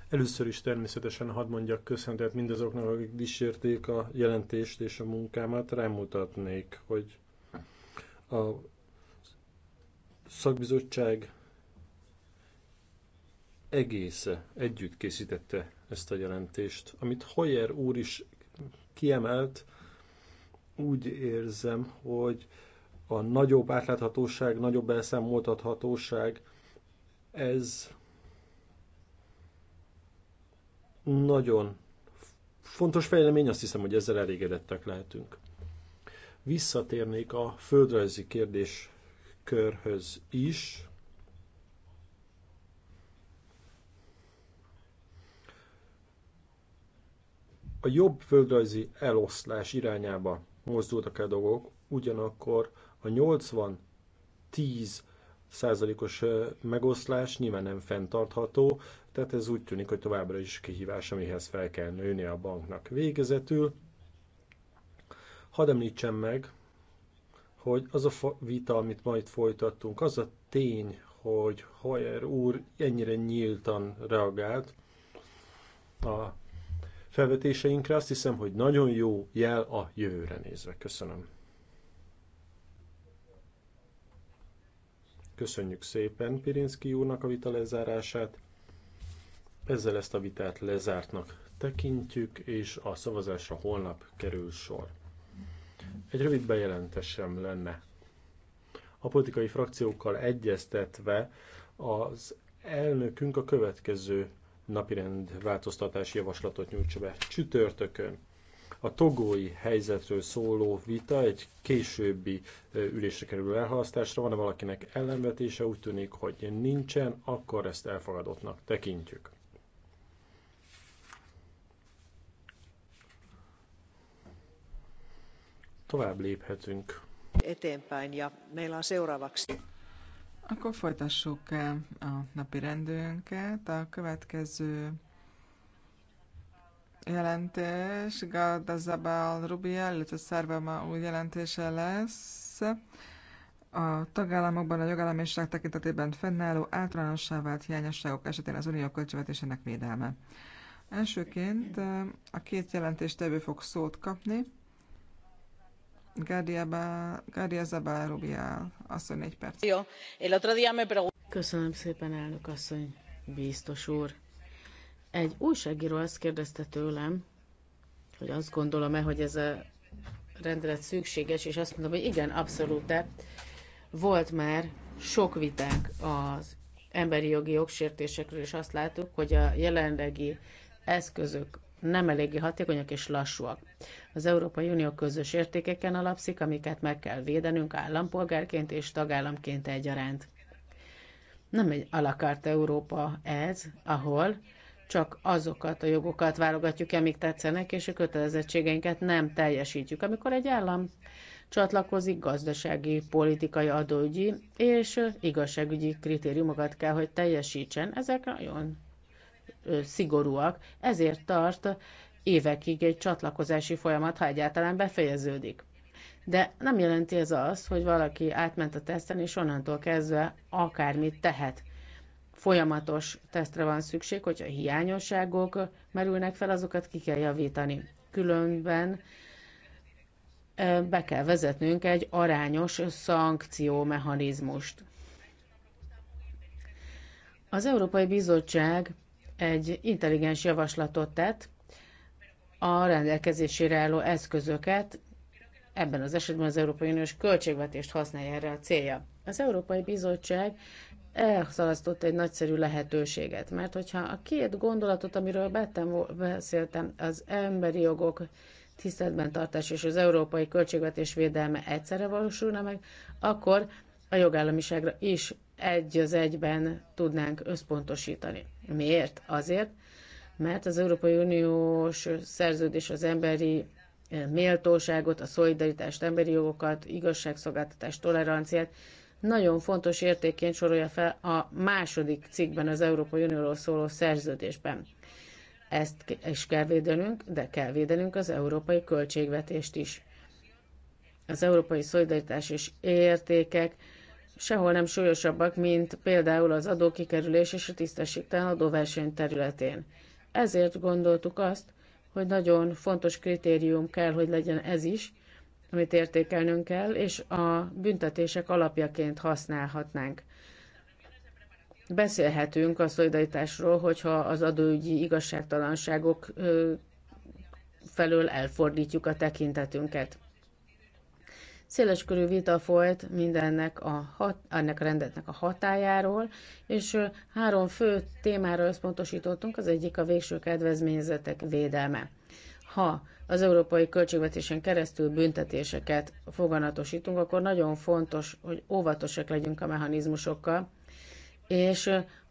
Először is természetesen hadd mondjak köszöntet mindazoknak, akik dicsérték a jelentést és a munkámat. Rámutatnék, hogy a szakbizottság egésze együtt készítette ezt a jelentést. Amit Hoyer úr is kiemelt, úgy érzem, hogy a nagyobb átláthatóság, nagyobb elszámoltathatóság, ez nagyon fontos fejlemény, azt hiszem, hogy ezzel elégedettek lehetünk. Visszatérnék a földrajzi kérdés körhöz is. A jobb földrajzi eloszlás irányába mozdultak el dolgok, ugyanakkor a 80-10 százalékos megoszlás nyilván nem fenntartható, tehát ez úgy tűnik, hogy továbbra is kihívás, amihez fel kell nőni a banknak. Végezetül hadd említsem meg, hogy az a vita, amit ma itt folytattunk, az a tény, hogy Hoyer úr ennyire nyíltan reagált a felvetéseinkre, azt hiszem, hogy nagyon jó jel a jövőre nézve. Köszönöm. Köszönjük szépen Pirinszki úrnak a vita lezárását. Ezzel ezt a vitát lezártnak tekintjük, és a szavazásra holnap kerül sor. Egy rövid bejelentésem lenne. A politikai frakciókkal egyeztetve az elnökünk a következő napirend változtatási javaslatot nyújtsa be csütörtökön. A togói helyzetről szóló vita egy későbbi ülésre kerül elhalasztásra. Van-e valakinek ellenvetése? Úgy tűnik, hogy nincsen, akkor ezt elfogadottnak tekintjük. tovább léphetünk. Eteenpäin, ja meillä on seuraavaksi. Akkor folytassuk a napi rendőnket. A következő jelentés Gardazabal Rubia, illetve Szervema új jelentése lesz. A tagállamokban a jogállamiság tekintetében fennálló általánossá vált hiányosságok esetén az unió költségvetésének védelme. Elsőként eh, a két tevő fog szót kapni perc. Jó, el Köszönöm szépen, elnök asszony, biztos úr. Egy újságíró azt kérdezte tőlem, hogy azt gondolom-e, hogy ez a rendelet szükséges, és azt mondom, hogy igen, abszolút, de volt már sok vitánk az emberi jogi jogsértésekről, és azt láttuk, hogy a jelenlegi eszközök nem eléggé hatékonyak és lassúak. Az Európai Unió közös értékeken alapszik, amiket meg kell védenünk állampolgárként és tagállamként egyaránt. Nem egy alakárt Európa ez, ahol csak azokat a jogokat válogatjuk, amik tetszenek, és a kötelezettségeinket nem teljesítjük. Amikor egy állam csatlakozik, gazdasági, politikai, adóügyi és igazságügyi kritériumokat kell, hogy teljesítsen. Ezek nagyon szigorúak, ezért tart évekig egy csatlakozási folyamat, ha egyáltalán befejeződik. De nem jelenti ez az, hogy valaki átment a teszten, és onnantól kezdve akármit tehet. Folyamatos tesztre van szükség, hogyha hiányosságok merülnek fel, azokat ki kell javítani. Különben be kell vezetnünk egy arányos szankciómechanizmust. Az Európai Bizottság egy intelligens javaslatot tett a rendelkezésére álló eszközöket, ebben az esetben az Európai Uniós költségvetést használja erre a célja. Az Európai Bizottság elszalasztott egy nagyszerű lehetőséget, mert hogyha a két gondolatot, amiről bettem beszéltem, az emberi jogok tiszteletben tartás és az európai költségvetés védelme egyszerre valósulna meg, akkor a jogállamiságra is egy az egyben tudnánk összpontosítani. Miért? Azért, mert az Európai Uniós szerződés az emberi eh, méltóságot, a szolidaritást, emberi jogokat, igazságszolgáltatást, toleranciát nagyon fontos értékként sorolja fel a második cikkben az Európai Unióról szóló szerződésben. Ezt is kell védenünk, de kell védenünk az európai költségvetést is. Az európai szolidaritás és értékek sehol nem súlyosabbak, mint például az adókikerülés és a tisztességtelen adóverseny területén. Ezért gondoltuk azt, hogy nagyon fontos kritérium kell, hogy legyen ez is, amit értékelnünk kell, és a büntetések alapjaként használhatnánk. Beszélhetünk a szolidaritásról, hogyha az adóügyi igazságtalanságok felől elfordítjuk a tekintetünket. Széleskörű vita folyt mindennek a hat, ennek a rendetnek a hatájáról, és három fő témára összpontosítottunk, az egyik a végső kedvezményezetek védelme. Ha az európai költségvetésen keresztül büntetéseket foganatosítunk, akkor nagyon fontos, hogy óvatosak legyünk a mechanizmusokkal, és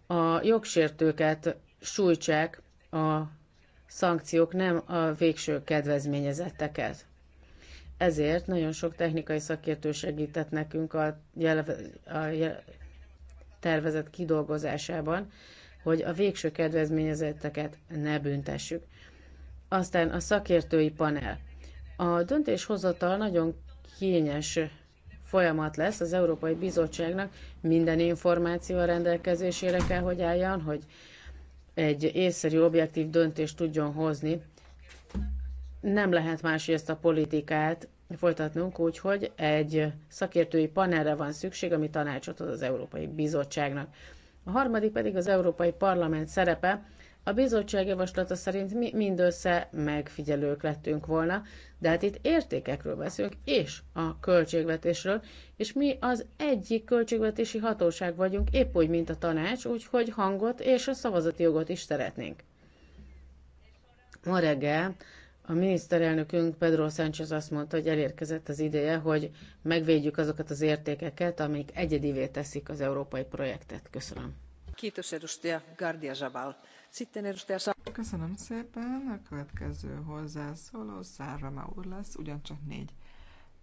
a jogsértőket sújtsák a szankciók, nem a végső kedvezményezetteket. Ezért nagyon sok technikai szakértő segített nekünk a, a jel, tervezet kidolgozásában, hogy a végső kedvezményezetteket ne büntessük. Aztán a szakértői panel. A döntéshozatal nagyon kényes folyamat lesz az Európai Bizottságnak, minden információ a rendelkezésére kell, hogy álljon, hogy egy észszerű, objektív döntést tudjon hozni nem lehet hogy ezt a politikát folytatnunk, úgyhogy egy szakértői panelre van szükség, ami tanácsot ad az Európai Bizottságnak. A harmadik pedig az Európai Parlament szerepe. A bizottság javaslata szerint mi mindössze megfigyelők lettünk volna, de hát itt értékekről beszélünk, és a költségvetésről, és mi az egyik költségvetési hatóság vagyunk, épp úgy, mint a tanács, úgyhogy hangot és a szavazati jogot is szeretnénk. Ma reggel a miniszterelnökünk Pedro Sánchez azt mondta, hogy elérkezett az ideje, hogy megvédjük azokat az értékeket, amik egyedivé teszik az európai projektet. Köszönöm. Köszönöm szépen. A következő hozzászóló Szárama úr lesz, ugyancsak négy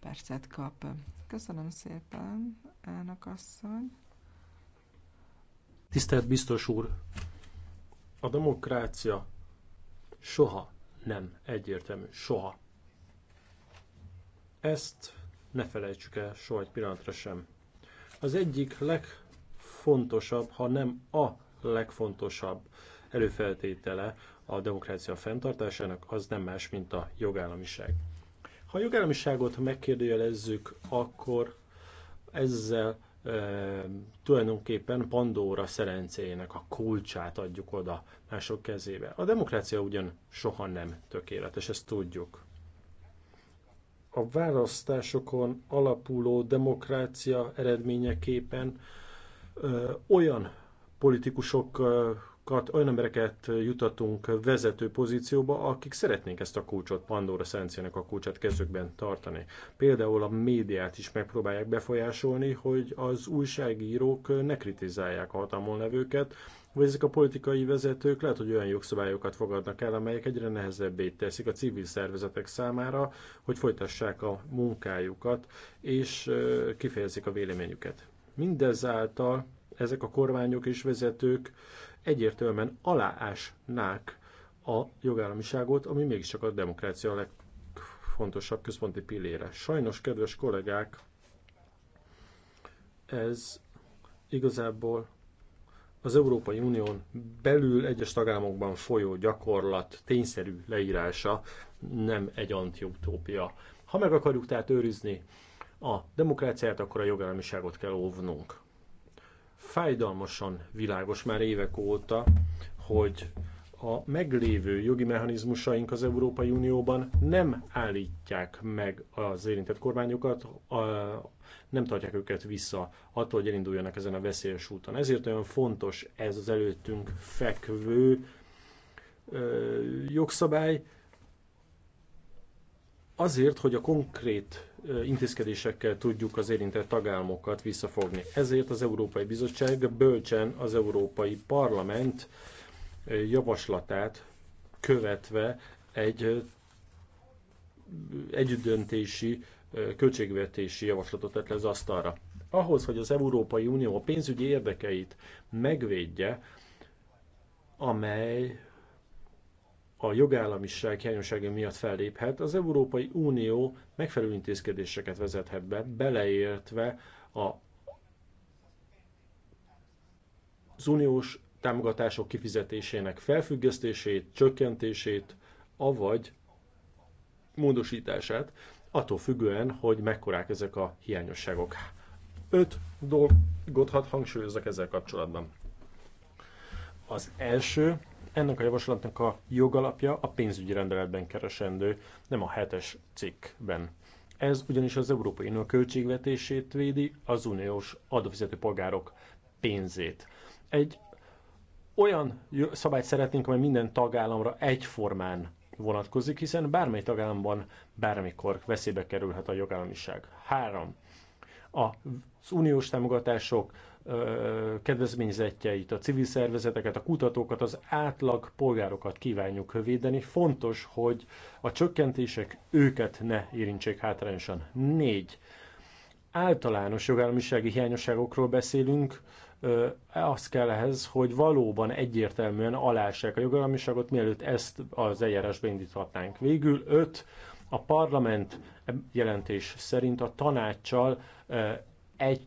percet kap. Köszönöm szépen, elnök asszony. Tisztelt biztos úr! A demokrácia soha nem egyértelmű soha. Ezt ne felejtsük el soha egy pillanatra sem. Az egyik legfontosabb, ha nem a legfontosabb előfeltétele a demokrácia fenntartásának az nem más, mint a jogállamiság. Ha a jogállamiságot megkérdőjelezzük, akkor ezzel tulajdonképpen Pandóra szerencéjének a kulcsát adjuk oda mások kezébe. A demokrácia ugyan soha nem tökéletes, ezt tudjuk. A választásokon alapuló demokrácia eredményeképpen ö, olyan politikusok olyan embereket jutatunk vezető pozícióba, akik szeretnék ezt a kulcsot, Pandora Szenciának a kulcsát kezükben tartani. Például a médiát is megpróbálják befolyásolni, hogy az újságírók ne kritizálják a hatalmon levőket, vagy ezek a politikai vezetők lehet, hogy olyan jogszabályokat fogadnak el, amelyek egyre nehezebbé teszik a civil szervezetek számára, hogy folytassák a munkájukat, és kifejezik a véleményüket. Mindezáltal ezek a kormányok és vezetők egyértelműen aláásnák a jogállamiságot, ami mégiscsak a demokrácia a legfontosabb központi pillére. Sajnos, kedves kollégák, ez igazából az Európai Unión belül egyes tagállamokban folyó gyakorlat tényszerű leírása nem egy antiutópia. Ha meg akarjuk tehát őrizni a demokráciát, akkor a jogállamiságot kell óvnunk fájdalmasan világos már évek óta, hogy a meglévő jogi mechanizmusaink az Európai Unióban nem állítják meg az érintett kormányokat, nem tartják őket vissza attól, hogy elinduljanak ezen a veszélyes úton. Ezért olyan fontos ez az előttünk fekvő jogszabály, azért, hogy a konkrét intézkedésekkel tudjuk az érintett tagállamokat visszafogni. Ezért az Európai Bizottság bölcsen az Európai Parlament javaslatát követve egy együttdöntési költségvetési javaslatot tett le az asztalra. Ahhoz, hogy az Európai Unió a pénzügyi érdekeit megvédje, amely a jogállamiság hiányossága miatt felléphet, az Európai Unió megfelelő intézkedéseket vezethet be, beleértve a az uniós támogatások kifizetésének felfüggesztését, csökkentését, avagy módosítását, attól függően, hogy mekkorák ezek a hiányosságok. Öt dolgot hadd hangsúlyozzak ezzel kapcsolatban. Az első, ennek a javaslatnak a jogalapja a pénzügyi rendeletben keresendő, nem a hetes cikkben. Ez ugyanis az Európai Unió költségvetését védi, az uniós adófizető polgárok pénzét. Egy olyan szabályt szeretnénk, amely minden tagállamra egyformán vonatkozik, hiszen bármely tagállamban bármikor veszélybe kerülhet a jogállamiság. 3. Az uniós támogatások kedvezményzetjeit, a civil szervezeteket, a kutatókat, az átlag polgárokat kívánjuk védeni. Fontos, hogy a csökkentések őket ne érintsék hátrányosan. Négy. Általános jogállamisági hiányosságokról beszélünk, az kell ehhez, hogy valóban egyértelműen alássák a jogállamiságot, mielőtt ezt az eljárásba indíthatnánk. Végül öt, a parlament jelentés szerint a tanácssal egy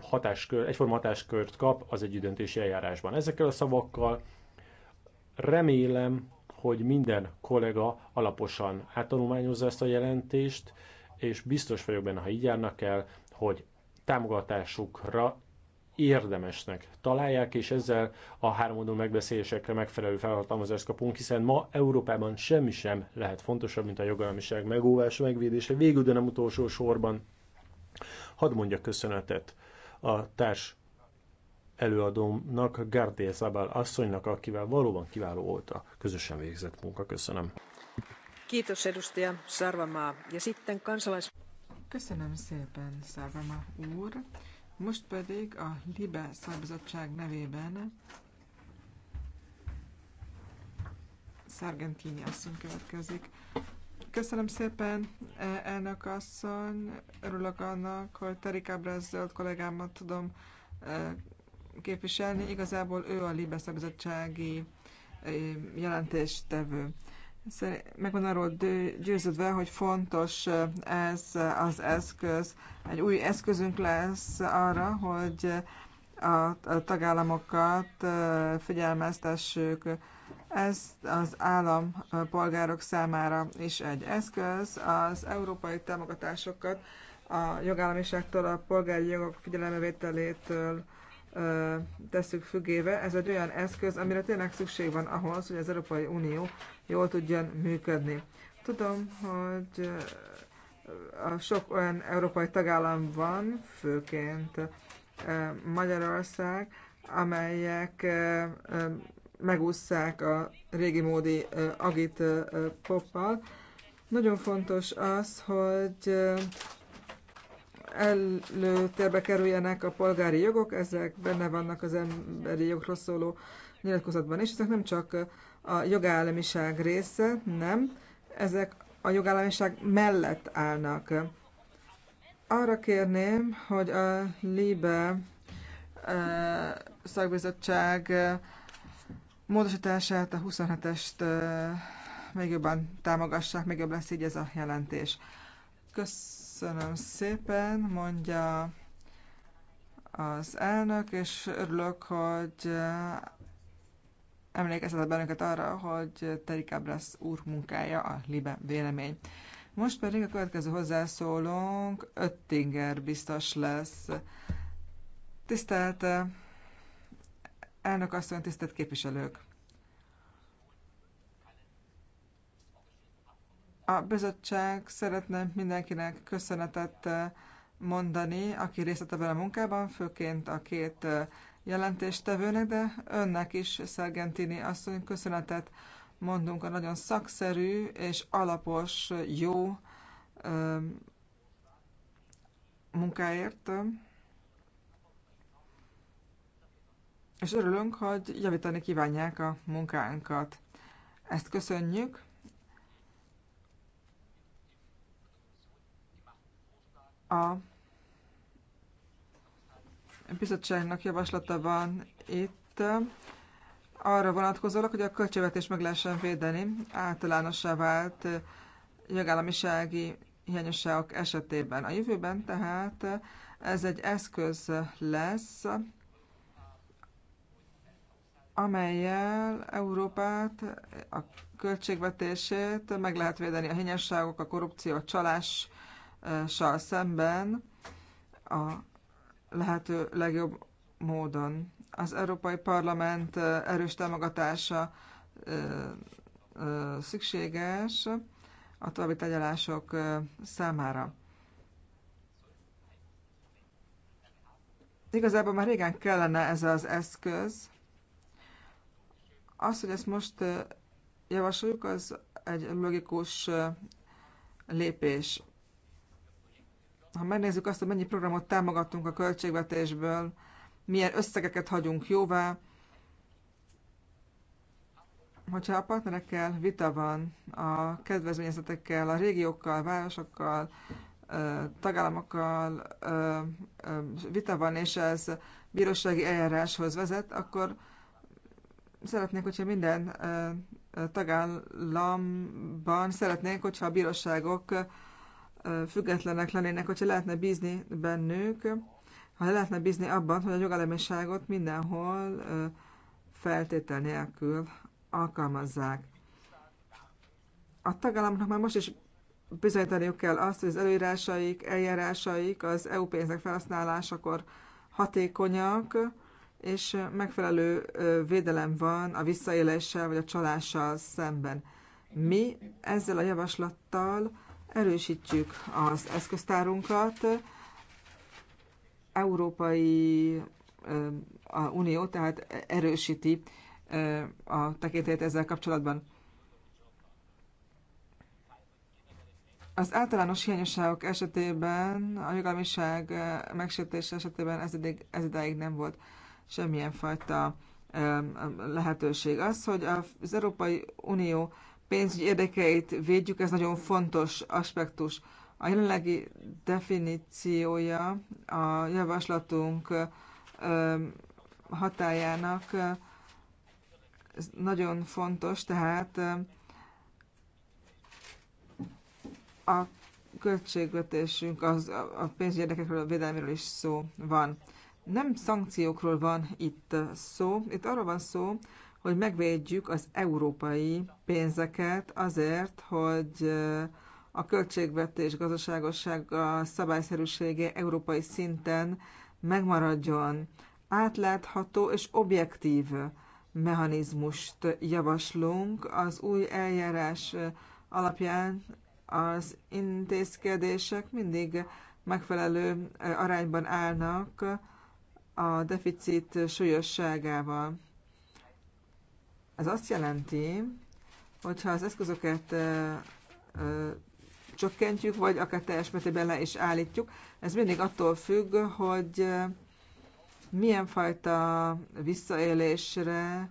hatáskör, egyforma hatáskört kap az együttdöntési eljárásban. Ezekkel a szavakkal remélem, hogy minden kollega alaposan áttanulmányozza ezt a jelentést, és biztos vagyok benne, ha így járnak el, hogy támogatásukra érdemesnek találják, és ezzel a háromoldalú megbeszélésekre megfelelő felhatalmazást kapunk, hiszen ma Európában semmi sem lehet fontosabb, mint a jogalmiság megóvása, megvédése. Végül, de nem utolsó sorban Hadd mondja köszönetet a társ előadómnak, Gárdél Zabál asszonynak, akivel valóban kiváló volt a közösen végzett munka. Köszönöm. Kiitos edustaja Sarvamaa. Ja sitten kansalais... Köszönöm szépen, Szárvama úr. Most pedig a Libe Szabizottság nevében Szargentini asszony következik. Köszönöm szépen, e, elnök asszony. Örülök annak, hogy Terik Ábrez zöld kollégámat tudom e, képviselni. Igazából ő a Libe szabadsági e, jelentéstevő. Meg van arról győződve, hogy fontos ez az eszköz. Egy új eszközünk lesz arra, hogy a tagállamokat figyelmeztessük ez az állam polgárok számára is egy eszköz. Az európai támogatásokat a jogállamiságtól a polgári jogok figyelembevételétől tesszük függébe. Ez egy olyan eszköz, amire tényleg szükség van ahhoz, hogy az Európai Unió jól tudjon működni. Tudom, hogy a sok olyan európai tagállam van, főként Magyarország, amelyek megúszszák a régi módi agit poppal. Nagyon fontos az, hogy előtérbe kerüljenek a polgári jogok, ezek benne vannak az emberi jogról szóló nyilatkozatban is, ezek nem csak a jogállamiság része, nem, ezek a jogállamiság mellett állnak. Arra kérném, hogy a LIBE szakbizottság módosítását, a 27-est még jobban támogassák, még jobb lesz így ez a jelentés. Köszönöm szépen, mondja az elnök, és örülök, hogy a bennünket arra, hogy Terik Ábrász úr munkája a Libe vélemény. Most pedig a következő hozzászólónk Öttinger biztos lesz. Tisztelt Elnök asszony, tisztelt képviselők! A bizottság szeretne mindenkinek köszönetet eh, mondani, aki részt vett ebben a munkában, főként a két eh, jelentéstevőnek, de önnek is, Szergentini asszony, köszönetet mondunk a nagyon szakszerű és alapos, jó eh, munkáért. és örülünk, hogy javítani kívánják a munkánkat. Ezt köszönjük. A bizottságnak javaslata van itt arra vonatkozólag, hogy a költségvetés meg lehessen védeni általánossá vált jogállamisági hiányosságok esetében. A jövőben tehát ez egy eszköz lesz, amelyel Európát, a költségvetését meg lehet védeni a hinyasságok, a korrupció, a csalással szemben a lehető legjobb módon. Az Európai Parlament erős támogatása szükséges a további tegyelások számára. Igazából már régen kellene ez az eszköz, az, hogy ezt most javasoljuk, az egy logikus lépés. Ha megnézzük azt, hogy mennyi programot támogatunk a költségvetésből, milyen összegeket hagyunk jóvá, hogyha a partnerekkel vita van, a kedvezményezetekkel, a régiókkal, városokkal, tagállamokkal vita van, és ez bírósági eljáráshoz vezet, akkor szeretnék, hogyha minden tagállamban szeretnénk, hogyha a bíróságok függetlenek lennének, hogyha lehetne bízni bennük, ha lehetne bízni abban, hogy a jogállamiságot mindenhol feltétel nélkül alkalmazzák. A tagállamoknak már most is bizonyítaniuk kell azt, hogy az előírásaik, eljárásaik az EU pénzek felhasználásakor hatékonyak, és megfelelő védelem van a visszaéléssel vagy a csalással szemben. Mi ezzel a javaslattal erősítjük az eszköztárunkat, Európai a Unió tehát erősíti a tekintélyt ezzel kapcsolatban. Az általános hiányosságok esetében, a jogalmiság megsértése esetében ez, eddig, ez idáig nem volt semmilyen fajta lehetőség. Az, hogy az Európai Unió pénzügyi érdekeit védjük, ez nagyon fontos aspektus. A jelenlegi definíciója a javaslatunk hatájának ez nagyon fontos, tehát a költségvetésünk, az, a pénzügyi érdekekről, a védelméről is szó van. Nem szankciókról van itt szó, itt arról van szó, hogy megvédjük az európai pénzeket azért, hogy a költségvetés gazdaságossága szabályszerűsége európai szinten megmaradjon. Átlátható és objektív mechanizmust javaslunk az új eljárás alapján az intézkedések mindig megfelelő arányban állnak a deficit súlyosságával. Ez azt jelenti, hogyha az eszközöket csökkentjük, vagy akár teljes mértékben le is állítjuk. Ez mindig attól függ, hogy milyen fajta visszaélésre,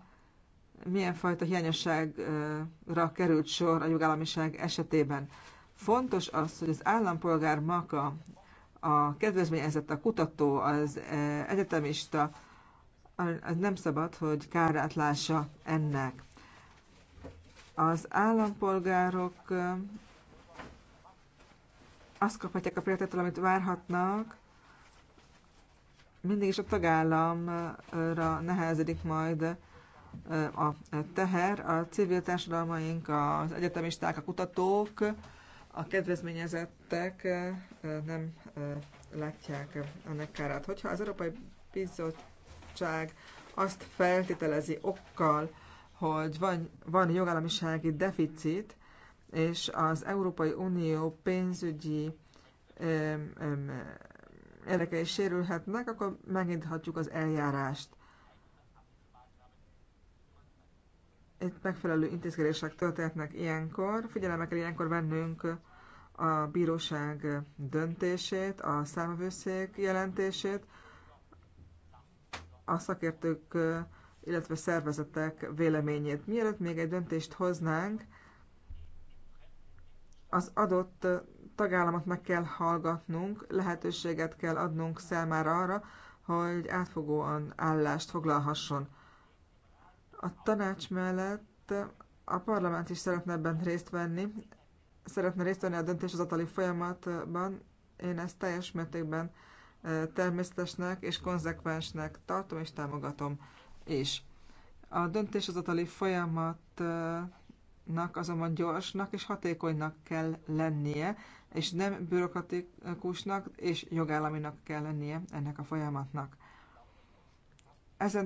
milyen fajta hiányosságra került sor a jogállamiság esetében. Fontos az, hogy az állampolgár maga, a kedvezményezett, a kutató, az eh, egyetemista, az nem szabad, hogy kárát lássa ennek. Az állampolgárok eh, azt kaphatják a példától, amit várhatnak, mindig is a tagállamra nehezedik majd eh, a teher, a civil társadalmaink, az egyetemisták, a kutatók a kedvezményezettek eh, eh, nem eh, látják ennek kárát. Hogyha az Európai Bizottság azt feltételezi okkal, hogy van, van jogállamisági deficit, és az Európai Unió pénzügyi érdekei sérülhetnek, akkor megindhatjuk az eljárást. egy megfelelő intézkedések történhetnek ilyenkor. Figyelembe kell ilyenkor vennünk a bíróság döntését, a számvőszék jelentését, a szakértők, illetve szervezetek véleményét. Mielőtt még egy döntést hoznánk, az adott tagállamot meg kell hallgatnunk, lehetőséget kell adnunk számára arra, hogy átfogóan állást foglalhasson. A tanács mellett a parlament is szeretne ebben részt venni, szeretne részt venni a döntéshozatali folyamatban. Én ezt teljes mértékben e, természetesnek és konzekvensnek tartom és támogatom is. A döntéshozatali folyamatnak azonban gyorsnak és hatékonynak kell lennie, és nem bürokratikusnak és jogállaminak kell lennie ennek a folyamatnak. Ezen